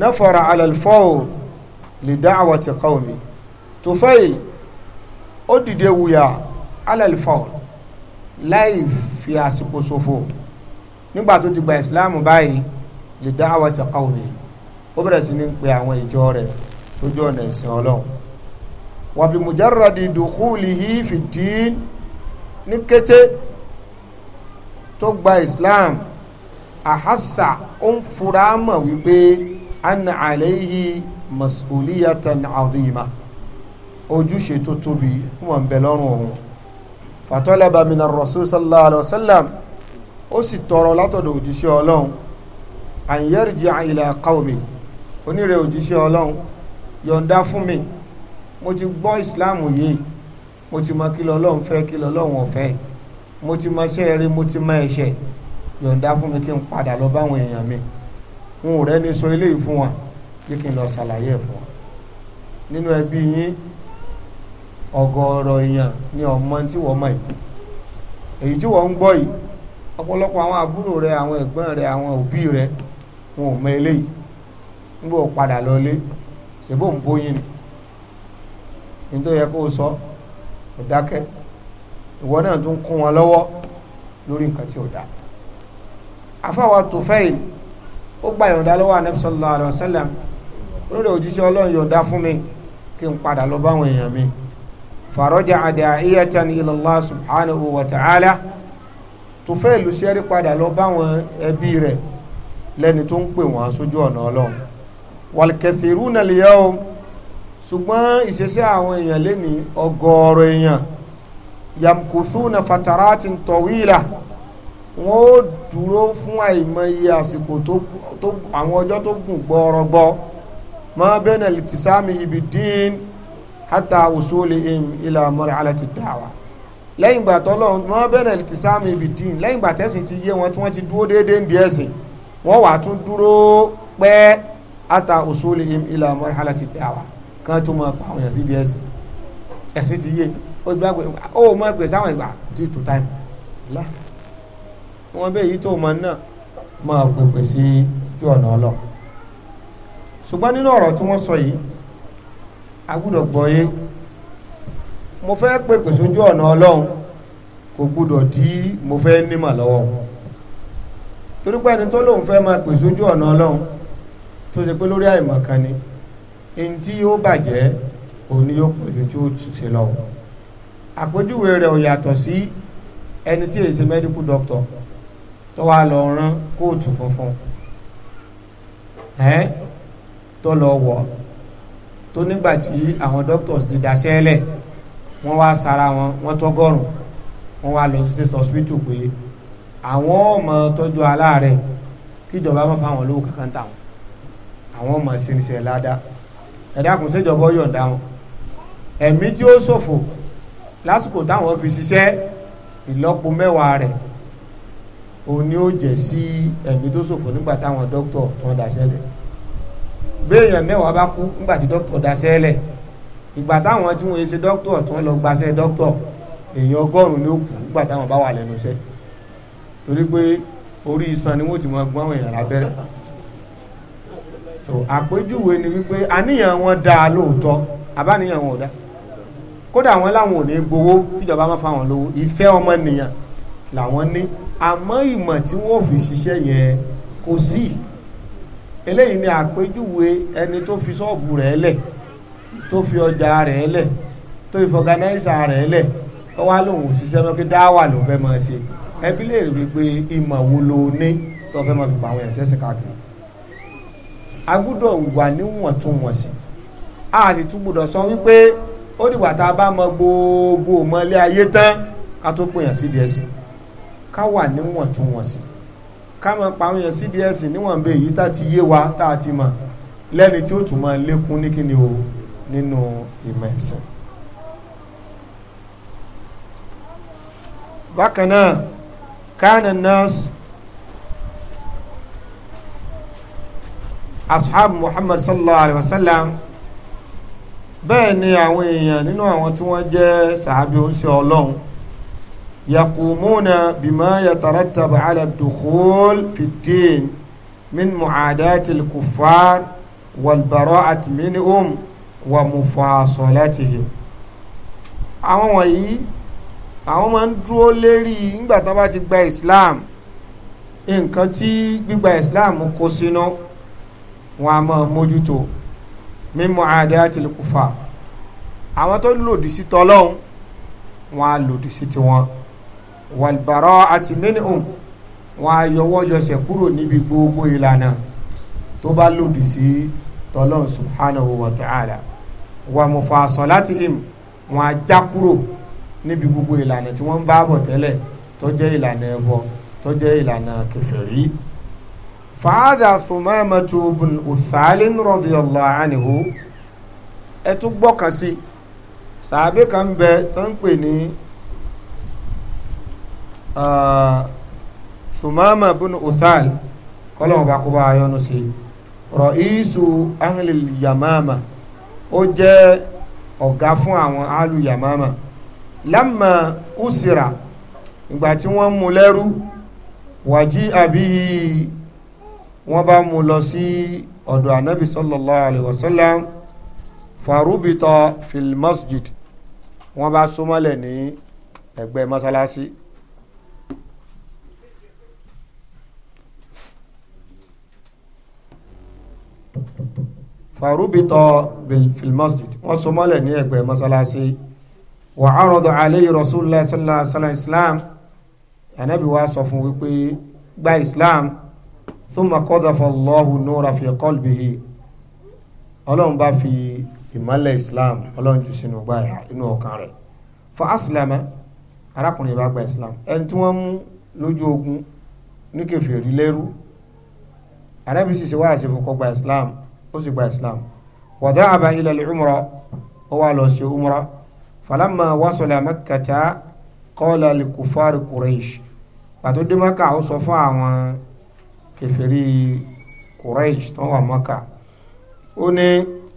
nafara ala al-fawr li Tufayl ó dìde wuya alẹ́lifọ̀n láì fi àsìkò ṣòfò nígbà tó ti gba ìsìláàmù báyìí lè dá àwọn ti kọ́ òní ó bẹ̀rẹ̀ sí ní pe àwọn ìjọ rẹ̀ lójú ọ̀nà ìsìn ọlọ́run wà bí mujarradi dukhulihi fi din ní kété tó gba islam àhásà ó ń fura mọ̀ wípé anna alayhi mas'uliyatan azima ojúṣe tó tóbi fún wọn bẹ lọ́rùn òun fàtọ́lẹ́bà minar rasul sallallahu sallam ó sì tọrọ látọ̀dọ̀ òjíṣẹ́ ọlọ́run an yarji'a ila qaumi onírè òjíṣẹ́ ọlọ́run yọ̀ǹda fún mi mo ti gbọ́ ìsìláàmù yìí mo ti mọ kí lọ́lọ́run fẹ́ kí lọ́lọ́run ò mo ti mọ rí mo ti mọ ẹ̀ṣẹ̀ yọ̀ǹda fún mi kí n padà lọ báwọn èèyàn mi n ò rẹ́ni sọ eléyìí fún wa kí n lọ ṣàlàyé ẹ̀ fún wa nínú ẹbí yín ọ̀gọ̀ọ̀rọ̀ èèyàn ni ọmọ tí wọ́n mọ̀ yìí èyí tí wọ́n ń gbọ́ yìí ọ̀pọ̀lọpọ̀ àwọn àbúrò rẹ àwọn ẹ̀gbọ́n rẹ àwọn òbí rẹ wọn ò mọ eléyìí nígbà ó padà lọlé ṣèbó ń bóyin ni nítorí yẹ kó o sọ ò dákẹ́ ìwọ náà tún kún wọn lọ́wọ́ lórí nǹkan tí ò dá afáwa Tufayl ó gba ìyọ̀ǹda lọ́wọ́ anabi sallallahu alayhi wa sallam olórí òjíṣẹ́ ọlọ́run yọ̀ǹda fún mi kí n padà lọ bá àwọn èèyàn mi. فرجع داعية إلى الله سبحانه وتعالى Tufailu ṣẹ́rí padà lọ báwọn ẹbí rẹ̀ lẹ́ni tó ń pè wọ́n sójú ọ̀nà Ọlọ́run walkathiruna al-yawm ṣùgbọ́n ìṣẹ̀ṣẹ̀ àwọn èèyàn lẹ́ni ọgọ́rọ̀ èèyàn yamkuthuna fataratin tawila wọ́n ó dúró fún àìmọye àsìkò àwọn ọjọ́ tó gùn gbọ́ọ̀rọ̀gbọ́ ma baina litisamihi bid-din hata wusulihim ila marhalati da'wa lẹ́yìn ìgbà tọ́lọ́run wọ́n bẹ̀rẹ̀ ti sáàmì ibi dín lẹ́yìn ìgbà tẹ́sìn ti yé wọn tí wọ́n ti dúró déédéé ń di ẹ̀sìn wọ́n wà tún dúró pẹ́ ata usulihim ila marhalati da'wa kan tó máa pa àwọn èèyàn sí di ẹ̀sìn ẹ̀sìn ti yé ó gbà pé ó mọ̀ pé sáwọn ìgbà kò tí ì tó táìmù lá wọn bẹ́ẹ̀ yìí tó mọ̀ náà máa pèpè sí ojú ọ̀nà ọlọ́ ṣùgbọ́n nínú ọ̀rọ̀ tí wọ́n sọ yìí agudo gbọ́yé mo fẹ́ pè pè sójú ọ̀nà ọlọ́run kò gbúdọ̀ dí mo fẹ́ nímọ̀ lọ́wọ́ torí pé ẹni tó lóun fẹ́ máa pè sójú ọ̀nà ọlọ́run tó ṣe pé lórí àìmọ̀kan ni ẹni tí yóò bàjẹ́ òun ni yóò pọ̀jù tí ó ṣe lọ àpèjúwe rẹ̀ ò yàtọ̀ sí ẹni tí èsì medical doctor tó wá lọ rán kóòtù funfun ẹ́ tó lọ wọ̀ tó nígbà tí àwọn doctors ti daṣẹ́ lẹ̀ wọ́n wá sara wọn wọ́n tọ́gọ́rùn wọ́n wá lọ sí state hospital pé àwọn ọmọ tọ́jú aláàárẹ̀ kíjọba má fáwọn lówó kankan tà wọn àwọn ọmọ ṣirinṣẹ́ ládàá ẹ̀dá kùn séjọba yọ̀ǹda wọn ẹ̀mí tí ó ṣòfò lásìkò táwọn fi ṣiṣẹ́ ìlọ́po mẹ́wàá rẹ̀ òun ni ó jẹ́ sí ẹ̀mí tó ṣòfò nígbà táwọn dókítà tó ń daṣẹ́ lẹ̀ béèyàn mẹ́wàá bá kú nígbà tí dókítà daṣẹ́ lẹ̀ ìgbà táwọn tí wọ́n ṣe dókítà tí wọ́n lọ gbaṣẹ́ dókítà èèyàn ọgọ́rùn-ún ló kù nígbà táwọn bá wà lẹ́nu iṣẹ́ torí pé orí iṣan ni wọ́n ti mọ gbọ́n àwọn èèyàn lábẹ́rẹ́ tó àpèjúwe ni wípé àníyàn wọn dáa lóòótọ́ àbáníyàn wọn ò dáa kódà àwọn láwọn ò ní gbowó tíjọba máa fáwọn lówó ìfẹ́ ọmọnìyàn làwọn ní àmọ́ ìmọ̀ tí wọ́n fi ṣiṣẹ́ yẹn kò sí eléyìí ni àpéjúwe ẹni tó fi ṣọ́ọ̀bù rẹ̀ lẹ̀ tó fi ọjà rẹ̀ lẹ̀ tó fi fọganáìsà rẹ̀ lẹ̀ ó wá lòun òṣìṣẹ́ mọ́ kí dáwà ló fẹ́ máa ṣe ẹbí lè rí wípé ìmọ̀ wo ló ní tó fẹ́ máa fi pa àwọn ẹ̀ṣẹ́ sí káàkiri a gbúdọ̀ wà níwọ̀ntúnwọ̀nsì a sì tún gbúdọ̀ sọ wípé ó dìgbà tá a bá mọ gbogbo mọ́lé ayé tán ká tó pèèyàn sí díẹ̀ sí ká wà níwọ̀ntúnwọ̀nsì ká máa pa àwọn èèyàn síbi ẹ̀sìn níwọ̀n bẹ́ẹ̀ yìí tá ti yé wa tá a ti mọ̀ lẹ́ni tí ó tún máa lékún ní kíni o nínú ìmọ̀ ẹ̀sìn. bákan náà kánà nọ́ọ̀sì ashab muhammad sallallahu alayhi wa sallam bẹ́ẹ̀ ni àwọn èèyàn nínú àwọn tí wọ́n jẹ́ sàábí oúnjẹ ọlọ́run يقومون بما يترتب على الدخول في الدين من معاداة الكفار والبراءة منهم ومفاصلتهم àwọn wọ̀nyí àwọn máa ń dúró lérí nígbà tó bá ti gba Islam nǹkan tí gbígba Islam kó sínú wọn a máa mójútó mímú àdáyàtìlì kùfà àwọn tó lòdì sí tọlọ́hún wọn a lòdì sí tiwọn walbara'ati minhum wọn á yọwọ́ yọsẹ̀ kúrò níbi gbogbo ìlànà tó bá lòdì sí tọ́lọ́n subhanahu wa ta'ala wa mufasalatihim wọn á já kúrò níbi gbogbo ìlànà tí wọ́n ń bá bọ̀ tẹ́lẹ̀ tó jẹ́ ìlànà ẹbọ tó jẹ́ ìlànà kèfèrí. fàádà Thumamatu bun Uthalin radiyallahu anhu ẹ tún gbọ́kàn sí sàbẹ̀ tó ń pè ní sumama bin uthal kọ́lọ́wọ́n bá kó bá yọnu sí rọ̀ísù ahlil yamama ó jẹ́ ọ̀gá fún àwọn alu yamama lámà usira ìgbà tí wọ́n mú lẹ́rú wàjí àbíyí wọ́n bá mú lọ sí ọ̀dọ̀ ànábì sallallahu alaihi wasallam farubitọ fil masjid wọ́n bá súnmọ́lẹ̀ ní ẹgbẹ́ masalasi. farubitọ filmasjid wọ́n so mọ́lẹ̀ ní ẹ̀gbẹ́ masalasi wà arọdọ aleyhi rasulillah sallallahu alaihi wa sallam islam anabi wa sọ fún wípé gba islam thumma qadhafa Allahu nura fi qalbihi Ọlọ́run bá fi ìmọ́lẹ̀ islam Ọlọ́run jù sínú gbáyà inú ọkàn rẹ̀ fa asilama arákùnrin bá gba islam ẹni lójú ogun ní kẹfìrí lẹ́rú anabi sì ṣe wá àṣìbò kó gba islam ó sì gba islam wa dhahaba ila al-umra ó wá lọ ṣe umra falamma wasala makkata qala li kufari quraish pàtó dé maka ó sọ fún àwọn kèfèrí quraish tó wà maka ó ní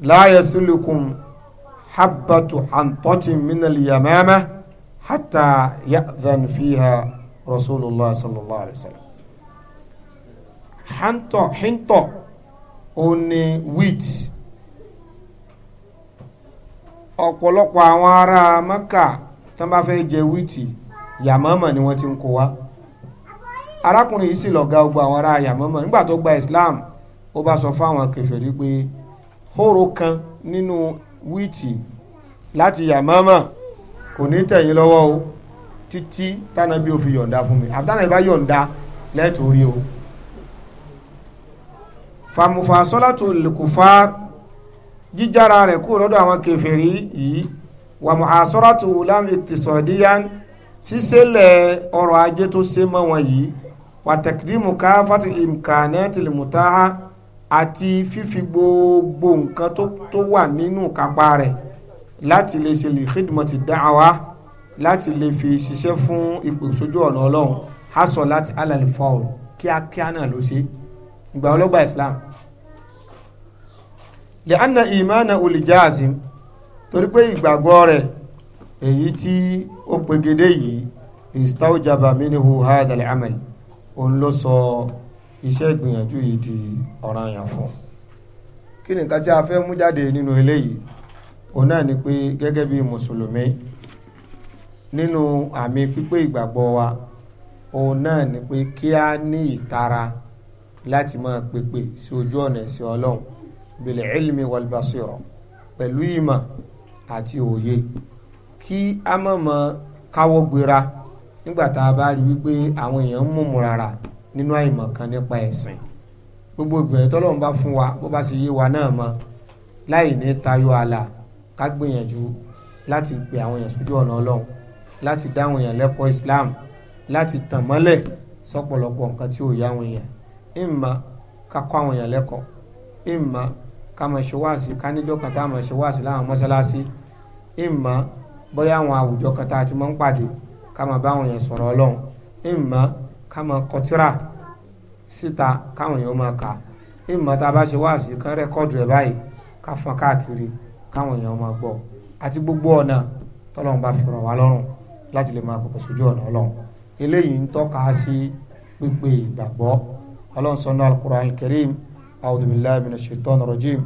la yaslukum habbatu hantatin min al-yamama hatta ya'dhan fiha rasulullah sallallahu alaihi wasallam hantọ hintọ òun ni wheat ọ̀pọ̀lọpọ̀ àwọn ará mẹ́kà tó bá jẹ wíìtì yàmọ́mọ̀ ni wọ́n ti ń kó wá arákùnrin yìí sì lọ̀gá ogun àwọn ará yàmọ́mọ̀ nígbà tó gba Islam ó bá sọ fáwọn kèfèrí pé hóró kan nínú wíìtì láti yàmọ́mọ̀ kò ní tẹ̀yìn lọ́wọ́ o títí tánàbí ò fi yọ̀ǹda fún mi àbí tánàbí bá yọ̀ǹda lẹ́tọ̀ọ́ rí o fàmùfà sọ́látò lùkùfà jíjára rẹ̀ kúrò lọ́dọ̀ àwọn kèfèrí yìí wàmù àsọ́ràtò lámì tìsọ̀díyàn sísẹ́lẹ̀ ọrọ̀ ajé tó ṣe mọ́ wọn yìí wàtẹ̀kìdìmù ká fati ìmùkànẹ́ tìlìmùtáhà àti fífi gbogbo nǹkan tó wà nínú kápá rẹ̀ láti lè ṣe lè dáhàwá láti lè fi ṣiṣẹ́ fún ipò sójú ọ̀nà ọlọ́run hásọ̀ láti alàlẹ́ fọ́ọ̀lù kíákíá náà ló ṣe ìgbà ọlọ́gbà Islam lẹ́ànà ìmánà olùjáàzìm torí pé ìgbàgbọ́ rẹ̀ èyí tí ó pegedé yìí ìstáwójábà mínú hádàlẹ̀ amẹ́l òun ló sọ iṣẹ́ ìgbìyànjú yìí di ọ̀ranyàn fún kí ni nǹkan tí a fẹ́ mú jáde nínú eléyìí òun náà ni pé gẹ́gẹ́ bí mùsùlùmí nínú àmì pípé ìgbàgbọ́ wa òun náà ni pé kí a ní ìtara láti máa pèpè sí ojú ọ̀nà ẹ̀sìn ọlọ́run bil ilmi wal basira pẹ̀lú ìmọ̀ àti òye kí a má mọ káwọ́ gbéra nígbà tá a bá rí wípé àwọn èèyàn ń mùmù rárá nínú àìmọ̀ kan nípa ẹ̀sìn gbogbo ìgbìyànjú tọ́lọ́run bá fún wa bó bá ṣe yé wa náà mọ́ láì ní tayọ ààlà ká gbìyànjú láti gbé àwọn èèyàn sójú ọ̀nà ọlọ́run láti dá èèyàn lẹ́kọ̀ọ́ Islam láti tàn mọ́lẹ̀ sọ́pọ̀lọpọ̀ nǹkan tí ò yá àwọn èèyàn ìmọ̀ ká kọ́ àwọn èèyàn lẹ́kọ̀ọ́ ìmọ̀ kama máa ṣe wáàsí ká níjọ́ kan tá a máa ṣe wáàsí láwọn mọ́sálásí ìmọ̀ bóyá àwọn àwùjọ kan tá a ti máa ń pàdé ká máa bá àwọn èèyàn sọ̀rọ̀ ọlọ́run ìmọ̀ ká máa kọtíra síta káwọn èèyàn máa kà ìmọ̀ tá a bá ṣe wáàsí kan rẹ́kọ́ọ̀dù ẹ̀ báyìí ká fọn káàkiri káwọn èèyàn máa gbọ́ àti gbogbo ọ̀nà tọ́lọ́run bá fi ràn wá lọ́rùn láti lè máa pèpè sójú ọ̀nà ọlọ́run eléyìí ń tọ́ka sí pípé ìgbàgbọ́ ọlọ́run sọ́nà al-Qur'an أعوذ بالله من الشيطان الرجيم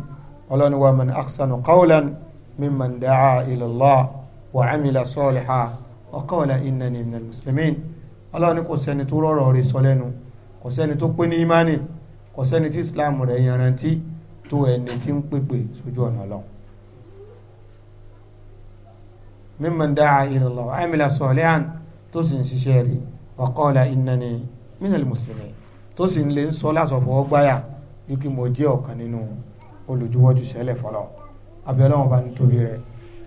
ọlọ́ni wa man aksanu qawlan mimman da'a ila Allah wa amila salihan wa qala innani minal muslimin ọlọ́ni kò sẹ́ni tó rọrọ̀ rẹ̀ sọ lẹ́nu kò sẹ́ni tó pé ní imani kò sẹ́ni tí islam rẹ̀ yanrantí tó ẹni tí ń pèpè sójú ọ̀nà Ọlọ́run mimman da'a ila Allah wa amila salihan tó sì ń ṣiṣẹ́ rẹ̀ wa qala innani minal muslimin tó sì ń lè sọ lásọ̀fọ̀ gbáyà ju kí mo jẹ́ ọ̀kan nínú olùjúwọ́jú sẹ́lẹ̀ fọlọ́ abẹ́lẹ́ wọn bá ní tóbi rẹ̀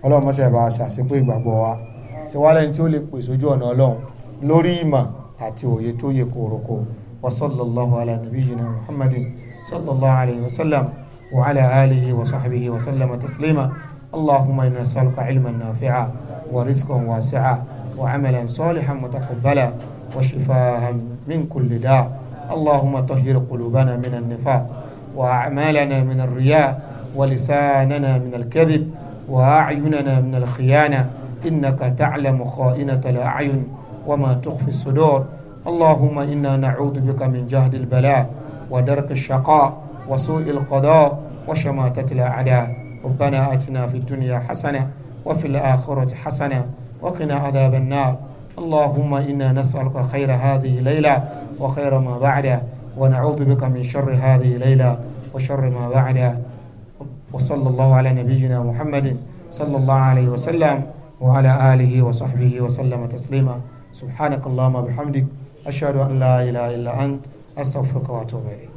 ọlọ́run mọ́sẹ̀ bá ṣàṣepé ìgbàgbọ́ wa ṣe wá tí ó lè pè sójú ọ̀nà ọlọ́run lórí ìmọ̀ àti òye tó yẹ kòrókò wa sallallahu ala nabiyyina muhammadin sallallahu alayhi wa sallam wa ala alihi wa sahbihi wa sallama taslima allahumma inna nas'aluka ilman nafi'a wa rizqan wasi'a wa amalan salihan mutaqabbala wa shifaan min kulli da' اللهم طهر قلوبنا من النفاق وأعمالنا من الرياء ولساننا من الكذب وأعيننا من الخيانة إنك تعلم خائنة الأعين وما تخفي الصدور اللهم إنا نعوذ بك من جهد البلاء ودرك الشقاء وسوء القضاء وشماتة الأعداء ربنا آتنا في الدنيا حسنة وفي الآخرة حسنة وقنا عذاب النار اللهم إنا نسألك خير هذه الليلة وخير ما بعدها ونعوذ بك من شر هذه الليلة وشر ما بعدها وصلى الله على نبينا محمد صلى الله عليه وسلم وعلى آله وصحبه وسلم تسليما سبحانك اللهم وبحمدك أشهد أن لا إله إلا أنت أستغفرك وأتوب إليك